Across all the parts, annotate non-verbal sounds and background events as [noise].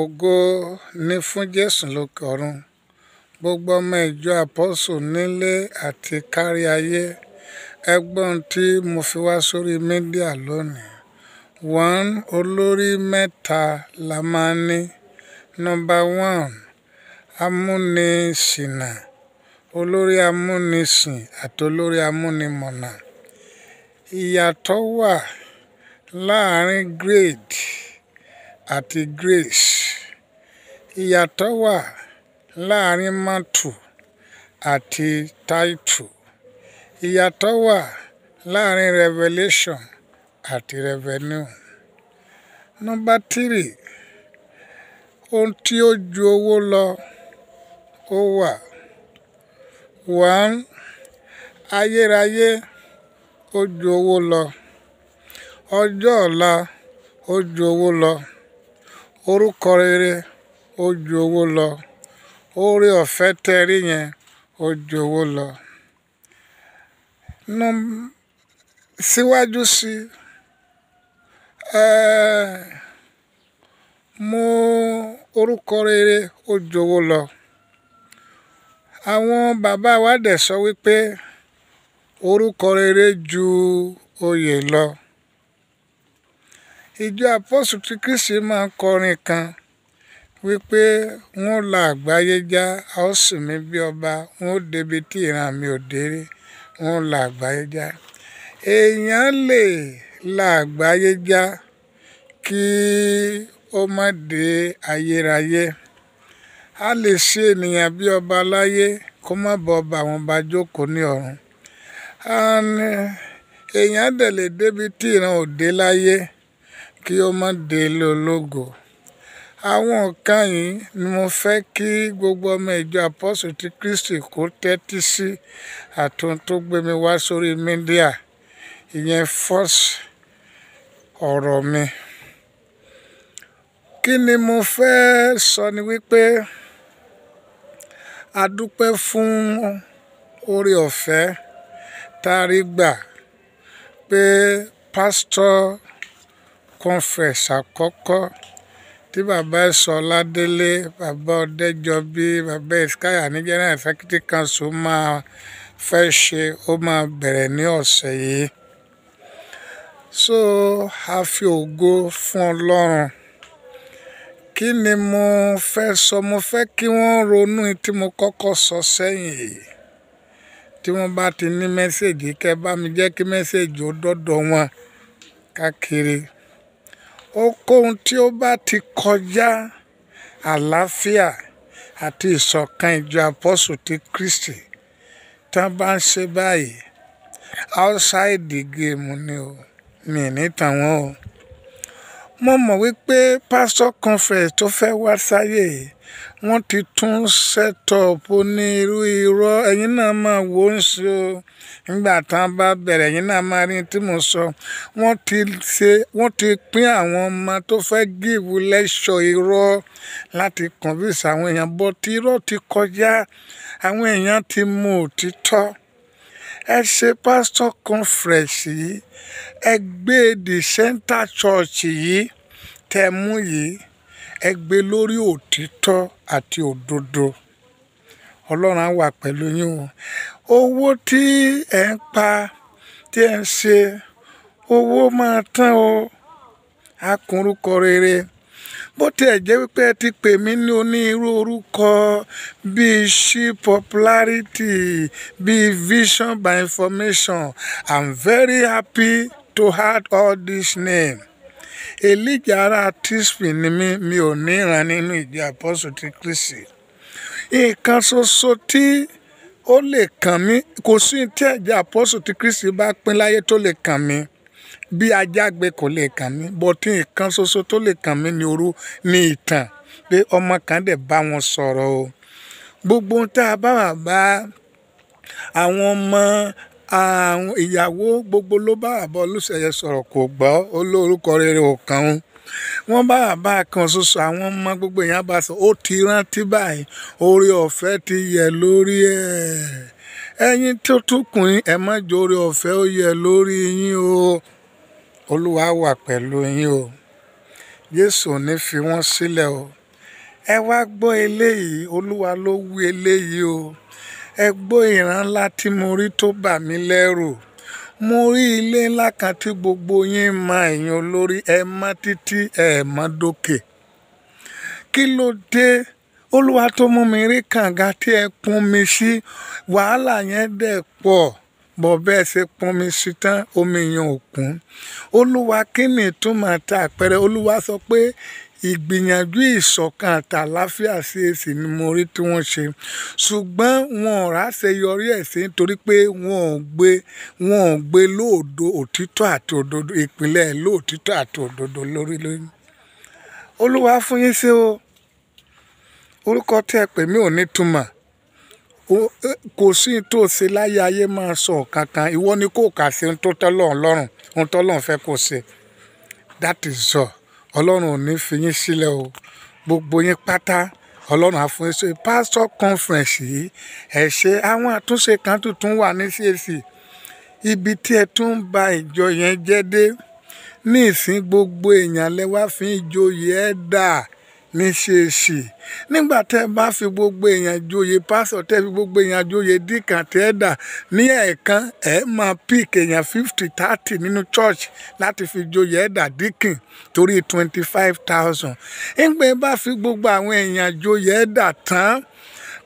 ògo ni fún jésù lókè ọ̀run gbogbo ọmọ ìjọ àpọ́sù nílé àti kárí ayé ẹgbọ́n tí mo fi wá sórí mídíà lónìí wọ́n olórí mẹ́ta la máa ní nọmba one amúnisìnà olórí amúnisìn àti olórí amúnimọ̀nà ìyàtọ̀ wà láàrin grade àti grace Ìyàtọ̀ wà láàárín mọ́tò àti táìtù. Ìyàtọ̀ wà láàárín revelation àti revenue. Number three, ohun tí ó ju owó lọ ó wà. One, ayérayé ó ju owó lọ. Ọjọ́ ọ̀la ó ju owó lọ. Orúkọ rere ó ju owó lọ. Oore ọ̀fẹ́ tẹ rí yẹn ó ju owó lọ. Nú síwájú sí, ẹ́, eh, mú orúkọ rere ó ju owó lọ. Àwọn bàbá wa dẹ̀ sọ wípé orúkọ rere ju oyè lọ. Ìjọ Apostle ti Krístì máa ń kọrin kan. wípé n la àgbáyé já a ó sìn mí bí ọba n ó débi tí ìran mi ò dé rí la àgbáyé já. Èèyàn lè la àgbáyé já kí ó má dé ayérayé. A lè ṣe ènìyàn bí ọba láyé kó má bọ ọba àwọn ọba jókòó ní ọ̀run. Èèyàn dẹ̀ lè débi tí ìran ò dé láyé kí ó má délé ológo. Àwọn nǹkan yìí ni mo fẹ́ kí gbogbo ọmọ ìjọ Apostle ti Kristi kó tẹ́tí sí àti ohun tó gbé mi wá sórí mídíà. Ìyẹn first ọ̀rọ̀ mi. Kí ni mo fẹ́ sọ ni wípé a dúpẹ́ fún oore-ọ̀fẹ́ tari gbà pé Pastor Conference àkọ́kọ́ tí bàbá sọládélé bàbá ọdẹjọbí bàbá ìsíkáyà ní general executive council máa fẹ́ ṣe ó máa bẹ̀rẹ̀ ní ọ̀sẹ̀ yìí so a fi ògo fún ọlọ́run kí ni mo fẹ́ sọ mo fẹ́ kí wọ́n ronú tí mo kọ́kọ́ sọ sẹ́yìn yìí tí wọ́n bá ti ní mẹ́sẹ̀gì kẹ́ bá mi jẹ́ kí mẹ́sẹ̀gì ó dọ́dọ̀ wọn káàkiri ohunkóhun tí ó bá ti kọjá àlàáfíà àti ìṣọ̀kan ìjọ apọ́sù ti Kristi tí bá ń ṣe báyìí outside the game ni o mi ní tàn o mo mọ̀ wípé pastor confess tó fẹ́ wá sáyé wọ́n ti tún setup onírú irọ́ ẹ̀yin náà máa wò ó ṣe o nígbà tá a bá bẹ̀rẹ̀ ẹ̀yin náà máa rí tí mo sọ wọ́n ti ṣe wọ́n ti pín àwọn ọmọ tó fẹ́ gíìwù lẹ́ṣọ̀ irọ́ láti convince àwọn èèyàn bọ́ tí irọ́ ti kọjá àwọn èèyàn ti mú òtítọ́ ẹ ṣe pastor conference yìí ẹ gbé the center church yìí tẹ́ mú yìí ẹ gbé lórí òtítọ́ àti òdodo ọlọ́run á wà pẹ̀lú yín o owó tí ẹ ń pa tí ẹ ń ṣe owó máa tán o akùnrúkọ rere bó tiẹ̀ jẹ́ wípé ẹ ti pè mí ní onírú orúkọ bíi she popularity bíi vision by information i'm very happy to have all this name elijah ara tispi ni mí mi ò níran nínú ìjọ àpọ́sù ti kristi nǹkan ṣoṣo tí ó lè kàn mí kò sí tí ẹ̀jẹ̀ àpọ́sù ti kristi bá pín láyé tó lè kàn mí bí ajágbe kò lè kàn mí bọ́tí nǹkan ṣoṣo tó lè kàn mí ní òru ní ìtàn pé ọmọ kan dẹ̀ bá wọn sọ̀rọ̀ o gbogbo tá a bá wà bá àwọn ọmọ àwọn ìyàwó gbogbo ló bá àbọ̀ olùsẹ̀yẹ sọ̀rọ̀ kò gbọ́ olórúkọ rere ò kàn án wọ́n bá àbá kan ṣoṣo àwọn ọmọ gbogbo èèyàn bá sọ ó ti rántí báyìí orí ọ̀fẹ́ ti yẹ lórí ẹ̀ ẹ̀yin tó tún kùn ẹ̀ mọ́jọ orí ọ̀fẹ́ ó yẹ lórí yín o. Olúwa wà pẹ̀lú yín o. Jésù ò ní fi wọ́n sílẹ̀ o. Ẹ wá gbọ́ eléyìí, Olúwa ló wí eléyìí o. Ẹ gbọ́ ìran ńlá tí mo rí tó bà mí lẹ́rù. Mo rí ilé ńlá kan tí gbogbo yín mọ ẹ̀yin olórí, ẹ mọ́ títí, ẹ mọ́ dókè. Kí ló dé? Olúwa tó mú mi rí kànga tí ẹ kún mi sí, wàhálà yẹn dẹ̀ pọ̀ bọ́ bẹ́ẹ̀ ṣe pọnmi sí tán omi yan òkun olúwa kíni túmọ̀ ta àpẹẹrẹ olúwa sọ pé ìgbìyànjú ìṣọ̀kan àtàláfíà sí èsì ni mo rí tí wọ́n ṣe ṣùgbọ́n wọn ò ráṣẹ yọrí ẹ̀ sí nítorí pé wọn ò gbé wọn ò gbé lóòdo òtítọ́ àti òdodo ìpìlẹ̀ lóòtítọ́ àti òdodo lórí lórí olúwa fún yín ṣe o orúkọ tí ẹ pè ò ní túmọ̀ kò sí tó ṣe láyé ayé máa sọ kankan ìwọ ni kò kà sí ohun tó tọ́lọ́run lọ́rùn ohun tọ́lọ́run fẹ́ kó ṣe that is all ọlọ́run ò ní fi yín sílẹ̀ o gbogbo yín pátá ọlọ́run àfúnṣe pastor conference yìí ẹ ṣe àwọn àtúnṣe kan tuntun wà ní CAC ibi tí ẹ tún ń ba ìjọ yẹn jẹ́ dé ní ìsìn gbogbo èèyàn lẹ́wà fi ń joyè ẹ̀ dáa mi ṣe èṣì nígbà tẹ́ bá fi gbogbo èèyàn joyè pásọ̀ t'ẹ fi gbogbo èèyàn joyè díkàn tẹ́ ẹ dà ní ẹ̀ẹ̀kan ẹ máa píìkì èèyàn fifty thirty nínú church láti fi joyè ẹ dà díkìn torí twenty five thousand nígbà bá fi gbogbo àwọn èèyàn joyè ẹ dà tán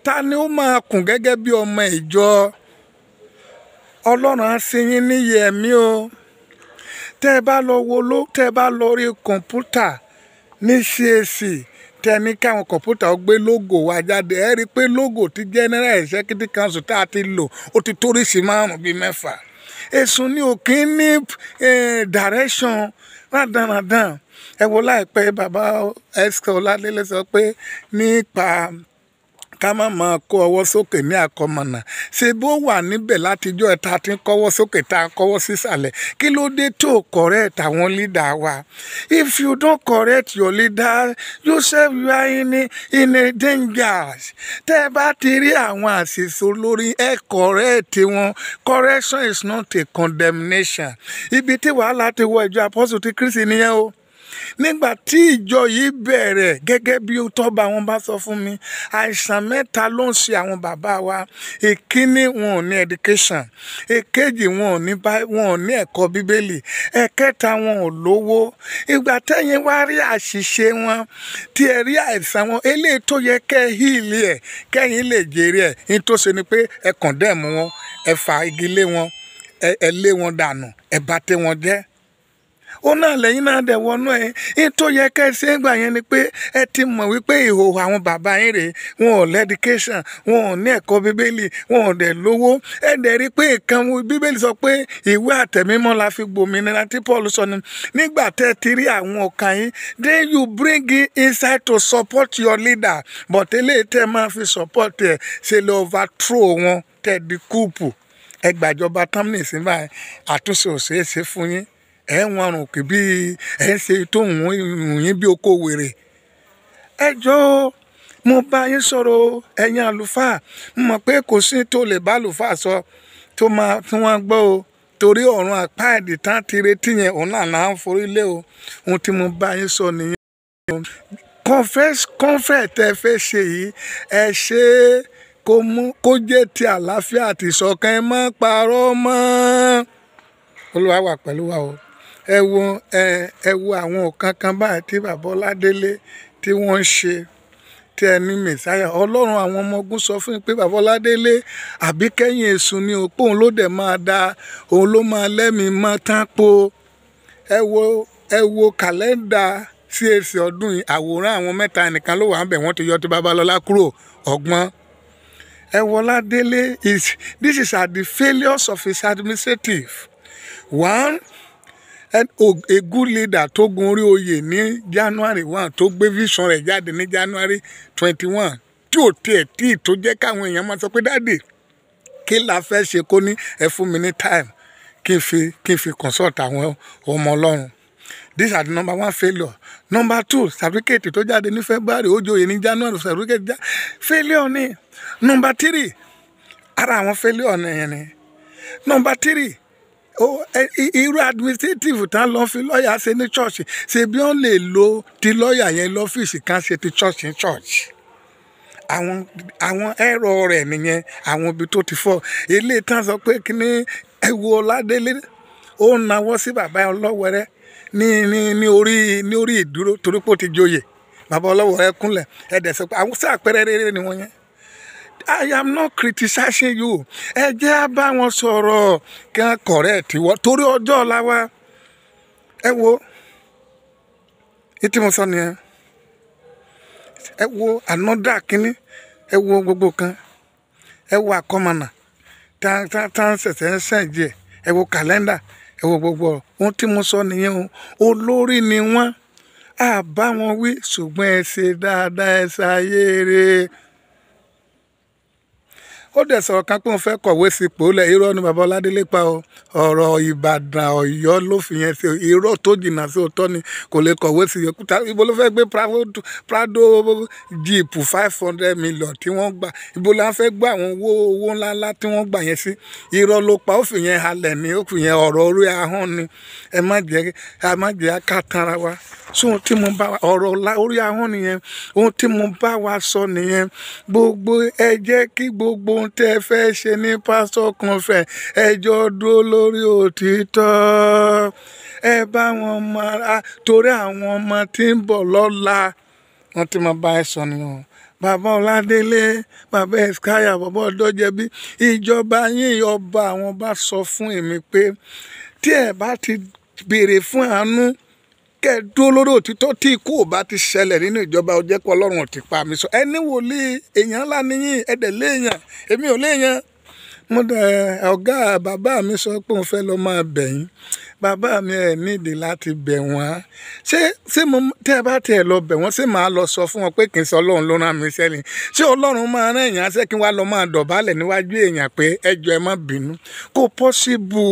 ta ni ó máa kùn gẹ́gẹ́ bí ọmọ ìjọ ọlọ́run á ṣe yín níyì ẹ̀mí o t'ẹ bá lọ wo ló tẹ́ bá lọ rí kọ̀ǹpútà ní CAC tẹ́ ní káwọn kọ̀ǹpútà gbé lógò wa jáde ẹ rí i pé lógò ti general executive council tá a ti lò ó ti tóríṣi márùn-ún bíi mẹ́fà èsùn ni òkín ní direction rádaràdàn ẹ wo láìpẹ́ bàbá ẹ̀sìkẹ́ ọ̀làdélé sọ pé nípa ká má máa kó ọwọ́ sókè ní àkọmọ̀nà ṣe bó wà níbẹ̀ látijọ́ ẹ̀ta tí ń kọ́wọ́ sókè tá a kọ́wọ́ kí ló dé tó correct àwọn leader wa if you don't correct your leader yourself you are in a, in a danger tẹ́ ẹ bá ti rí àwọn àṣìṣe lórí ẹ correct wọn correction is not a condemnation ibi tí wàhálà ti wọ ìjọ apọ́sù ti Kristi nìyẹn o nígbà tí ìjọ yìí bẹ̀rẹ̀ gẹ́gẹ́ bí tọ́ba wọn bá sọ fún mi àìsàn mẹ́ta ló ń ṣe àwọn bàbá wa ìkíní wọn ò ní education èkejì wọn ò ní wọn ò ní ẹ̀kọ́ bíbélì ẹ̀kẹta wọn ò lówó ìgbà tẹ́yìn wá rí àṣìṣe wọn tí ẹ rí àìsàn wọn eléyìí tó yẹ kẹ́ híìlì ẹ̀ kẹ́yìn lè jèrè ẹ̀ ní tó ṣe ni pé ẹ kàn dẹ̀mú wọn ẹ igi lé wọn ẹ lé wọn dànù ẹ bà wọn jẹ́ ó náà lẹ́yìn náà dẹ̀ wọnú ẹ̀ yín tó yẹ kẹ́ ẹ ṣe é gbà yẹn ni pé ẹ ti mọ̀ wípé ìhòòhò àwọn bàbá yín rèé wọn ò lẹ́díkéṣàn wọn ò ní ẹ̀kọ́ bíbélì wọn ò dẹ̀ lówó ẹ dẹ̀ rí pé nǹkan bíbélì sọ pé ìwé àtẹ̀mímọ́ la fi gbòmìnira tí Paul sọ ni nígbà tẹ́ ti rí àwọn ọ̀kan yín then you bring it inside to support your leader but eléyìí tẹ́ máa fi support ẹ̀ ṣe lè overthrow wọn tẹ́ di kúùpù ẹgbàjọba tán nìsín báyìí àtúnṣe ò ṣeé ṣe fún yín ẹ̀ ń warùn kì bí ẹ̀ ń ṣe tó hùn yín bí oko wèrè. ẹ jọ̀ọ́ mo bá yín sọ̀rọ̀ ẹ̀yin àlùfáà mo mọ̀ pé kò sí tó lè bá àlùfáà sọ tó máa tí wọ́n gbọ́ o torí ọ̀run àpá ẹ̀dì ti retí yẹn òun náà náà ń forí lé o ohun tí mo bá yín sọ nìyẹn. confess confess tẹ fẹ́ ṣe yìí ẹ ṣe é kó jẹ́ ti àlàáfíà àti ìṣọ̀kan ẹ má parọ́ mọ́ olúwa pẹ̀lú wa o ẹ wo ẹ ẹ wo àwọn nǹkan kan báyìí tí bàbá Ọládélé tí wọ́n ń ṣe tí ẹni mẹ̀sáyà ọlọ́run àwọn ọmọ ogun sọ fún mi pé bàbá Ọládélé àbí kẹ́yìn èṣù ni òpó òun ló dẹ̀ máa da òun ló máa lẹ́mìí mọ́ tán po ẹ wo ẹ wo kàlẹ́ndà CAC ọdún yìí àwòrán àwọn mẹ́ta nìkan ló wà ń bẹ̀ wọ́n ti yọ ti Babalọ́lá kúrò ọgbọ́n ẹ wo Ọládélé is this is at the failure of his administrative one a good leader tó gun orí oyè ní January one tó gbé vision rẹ̀ jáde ní January twenty one tí ò tiẹ̀ tí tó jẹ́ káwọn èèyàn máa sọ pé dáàdì kí la fẹ́ ṣe kó ní ẹ fún mi ní time kí n fi kí n fi consult àwọn ọmọ Ọlọ́run this are the number one failure number two certificate tó jáde ní February ó joyè ní January certificate já failure ni number three ara àwọn failure ni number three irú administrative tá lọ fi lọ́ọ̀yà ṣe ní church ṣe bí wọ́n lè lo ti lọ́ọ̀yà yẹn lọ́fíìsì kan ṣe ti church ní church àwọn àwọn ẹ̀rọ rẹ̀ nìyẹn àwọn ibi tó ti fọ́ ilé tán sọ pé kí ni ẹ̀wù ọ̀làdélé ó ń nawọ́ sí bàbá ọlọ́wẹ̀rẹ́ ní ní ní orí ní orí ìdúró torí pé ó ti joyè bàbá ọlọ́wẹ̀rẹ́ kúnlẹ̀ ẹ̀dẹ̀ sọ pé àwọn sáà pẹ́rẹ́ rere ni wọ́n yẹn I am not criticizing you ẹ jẹ́ á bá wọn sọ̀rọ̀ kí wọ́n correct wọ́n torí ọjọ́ ọ̀la wa ẹ wo ìtí mo sọ nìyẹn ẹ wo ànádà kínní ẹ wo gbogbo kan ẹ wo àkọ́mọ̀nà tá ń ṣẹ̀ṣẹ̀ ń ṣẹ̀ jẹ ẹ wo kàlẹ́ndà ẹ wo gbogbo ohun tí mo sọ nìyẹn o olórí ni wọ́n àbá wọn wí ṣùgbọ́n ẹ ṣe dáadáa ẹ ṣe ayé rẹ̀ ó dẹ̀ sọ̀rọ̀ kan pé òun fẹ́ kọ̀wé sípò lẹ̀ irọ́ ni bàbá Ọládélé pa o ọ̀rọ̀ Ìbàdàn Ọ̀yọ́ ló fi yẹn ṣe irọ́ tó jìnnà sí òótọ́ ni kò lè kọ̀wé sí yọkúta ibo ló fẹ́ gbé Prado jeep five hundred million tí wọ́n gbà ibo la fẹ́ gbọ́ àwọn owó owó ńláńlá tí wọ́n gbà yẹn sí irọ́ ló pa ó fi yẹn halẹ̀ ni ó fi yẹn ọ̀rọ̀ orí ahọ́n ni ẹ má jẹ́ ẹ má jẹ́ wa sóhun tí mo bá wa ọ̀rọ̀ orí ahọ́n nìyẹn ohun tí mo bá wa sọ nìyẹn gbogbo ẹ jẹ́ kí gbogbo ohun tẹ́ ẹ fẹ́ ṣe ní pásítọ̀ kọ̀ǹfẹ̀ ẹ jọ dúró lórí òtítọ́ ẹ bá wọn mọ ara torí àwọn ọmọ tí ń bọ̀ lọ́la wọn ti máa bá ẹ sọ nìyẹn bàbá ọládélé bàbá ẹskáyà bàbá ọdọjẹbí ìjọba yín ọba àwọn bá sọ fún èmi pé tí ẹ bá ti béèrè fún àánú kẹ́ ẹ dúró lórí òtítọ́ tí ikú ò bá ti ṣẹlẹ̀ nínú ìjọba ó kó ọlọ́run ti pa mi sọ ẹni wòlíì èèyàn ńlá niyín ẹ̀dẹ̀ léèyàn èmi ò léèyàn mo dẹ ọ̀gá bàbá mi sọ pé òun fẹ́ lọ máa bẹ̀yìn bàbá mi ẹ̀ nídìí láti bẹ̀ wọ́n ṣé ṣé mo tẹ́ ẹ bá tiẹ̀ lọ bẹ̀ wọ́n ṣé màá lọ sọ fún wọn pé kì í sọ ọlọ́run ló rán mi iṣẹ́ ni ṣé ọlọ́run máa rán èèyàn ṣé kí wọ́n lọ máa dọ̀bálẹ̀ níwájú èèyàn pé ẹjọ́ ẹ má bínú kò pọ́síbù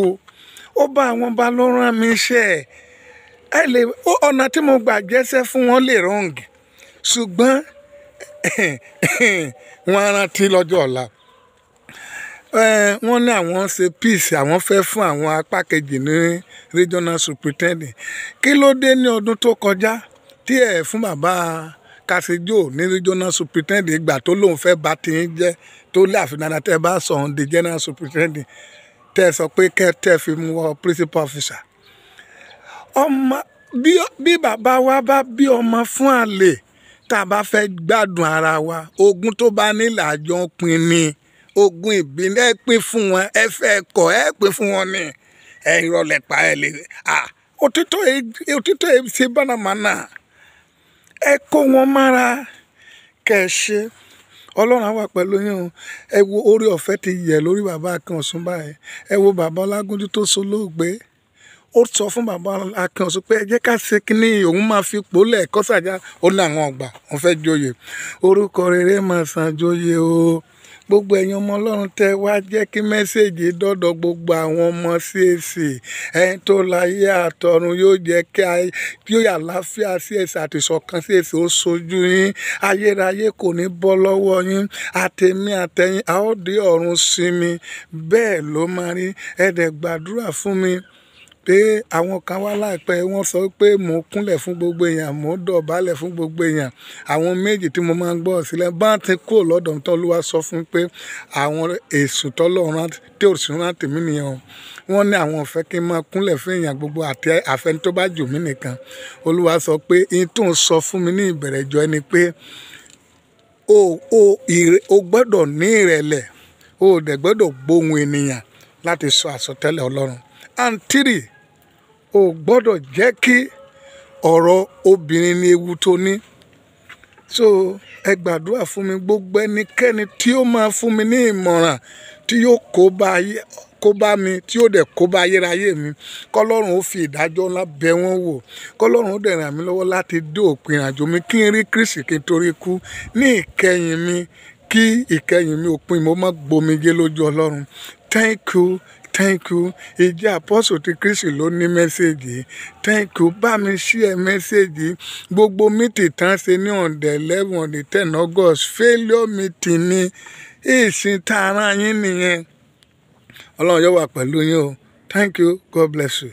ó bá àwọn bá rán mi iṣẹ́ ẹ lè ọ̀nà tí mo gbà jẹ́sẹ́ fún wọn lè wrong ṣùgbọ́n [laughs] wọ́n rántí lọ́jọ́ ọ̀la wọ́n ní àwọn ṣe peace àwọn fẹ́ fún àwọn apá kejì ní regional superintendent kí ló dé ní ọdún tó kọjá tí ẹ̀ fún bàbá kásíjò ní regional superintendent ìgbà tó lóun fẹ́ bá ti ń jẹ́ tó lé àfi dandan tẹ́ bá sọ̀hún di general superintendent tẹ́ sọ pé kẹ́ tẹ́ fi mú ọ principal officer ọmọ bí bàbá wa bá bí ọmọ fún àlè tá a bá fẹ́ gbádùn ara wa ogún tó bá nílẹ̀ àjọ pin ni ogún ìbílẹ̀ pín fún wọn ẹ fẹ́ kọ̀ ẹ pín fún wọn ni ẹ ìrọ̀lẹ́ pa ẹ lè à òtítọ́ òtítọ́ ẹ ṣe bánamánà ẹ kó wọn mára kẹ ẹ ṣe ọlọ́run á wà pẹ̀lú yín o ẹ wo orí ọ̀fẹ́ ti yẹ lórí bàbá kan báyìí ẹ wo bàbá ọlágúnjú tó so lóògbé ó sọ fún bàbá Akínọ̀sún pé ẹ jẹ́ ká ṣe kínní òun máa fi pòólẹ̀ kọ́sàjà ó ní àwọn ọgbà wọn fẹ́ joyè orúkọ rere máa sàn joyè o gbogbo ẹ̀yin ọmọ ọlọ́run tẹ́ wá jẹ́ kí mẹ́sẹ̀gì dọ́dọ̀ gbogbo àwọn ọmọ ṣèèṣì ẹni tó láyé àtọ̀run yóò jẹ́ kí yóò yà láfíà ṣèèṣì àti ìṣọ̀kan ṣèèṣì ó sojú yín ayérayé kò ní bọ́ lọ́wọ́ yín àtẹ̀mí àtẹ̀yìn a ó sinmi bẹ́ẹ̀ ló máa rí ẹ̀dẹ̀ gbàdúrà fún mi pé àwọn kan wá láìpẹ́ wọ́n sọ pé mò ń kúnlẹ̀ fún gbogbo èèyàn mò ń dọ̀bálẹ̀ fún gbogbo èèyàn àwọn méjì tí mo máa ń gbọ́ sílẹ̀ bá ti kúrò lọ́dọ̀ tó olúwa sọ fún pé àwọn èsù tọ́lọ́run tí òsùn rán tèmi nìyẹn o wọ́n ní àwọn ọ̀fẹ́ kí n máa kúnlẹ̀ fún èèyàn gbogbo àti àfẹni tó bá jù mí nìkan olúwa sọ pé ihun tó ń sọ fún mi ní ìbẹ̀rẹ̀ jọ ẹni pé o o ìrẹ o gbọ́dọ̀ ní ìrẹ̀lẹ̀ o dẹ̀ gbọ́dọ̀ gbóhùn ènìyàn láti sọ àsọtẹ́lẹ̀ ọlọ́run and three o gbọ́dọ̀ jẹ́ kí ọ̀rọ̀ obìnrin ni ewu tó ní so ẹ gbàdúrà fún mi gbogbo ẹnikẹ́ni tí ó máa fún mi ní ìmọ̀ràn tí yóò kó bá ayé kó bá mi tí yóò dẹ̀ kó bá ayérayé mi kọ́lọ́run ó fi ìdájọ́ ńlá bẹ wọ́n wò kọ́lọ́run ó dẹ̀ ràn mí lọ́wọ́ láti dé òpin àjò mi kí n rí kírísì kí n torí kú ní ìkẹyìn mi kí ìkẹyìn mi òpin mo má gbomijé lójú ọlọ́run thank you Thank you. Ìjọ Apostle ti Kristi ló ní mẹ́sẹ̀gì. Thank you. Bá mi share mẹ́sẹ̀gì. Gbogbo mítì tán ṣe ní on the eleven on the ten August failure meeting ni. Ìsìn tààrà yín nìyẹn. Ọlọ́run yóò wà pẹ̀lú yín o. Thank you. God bless you.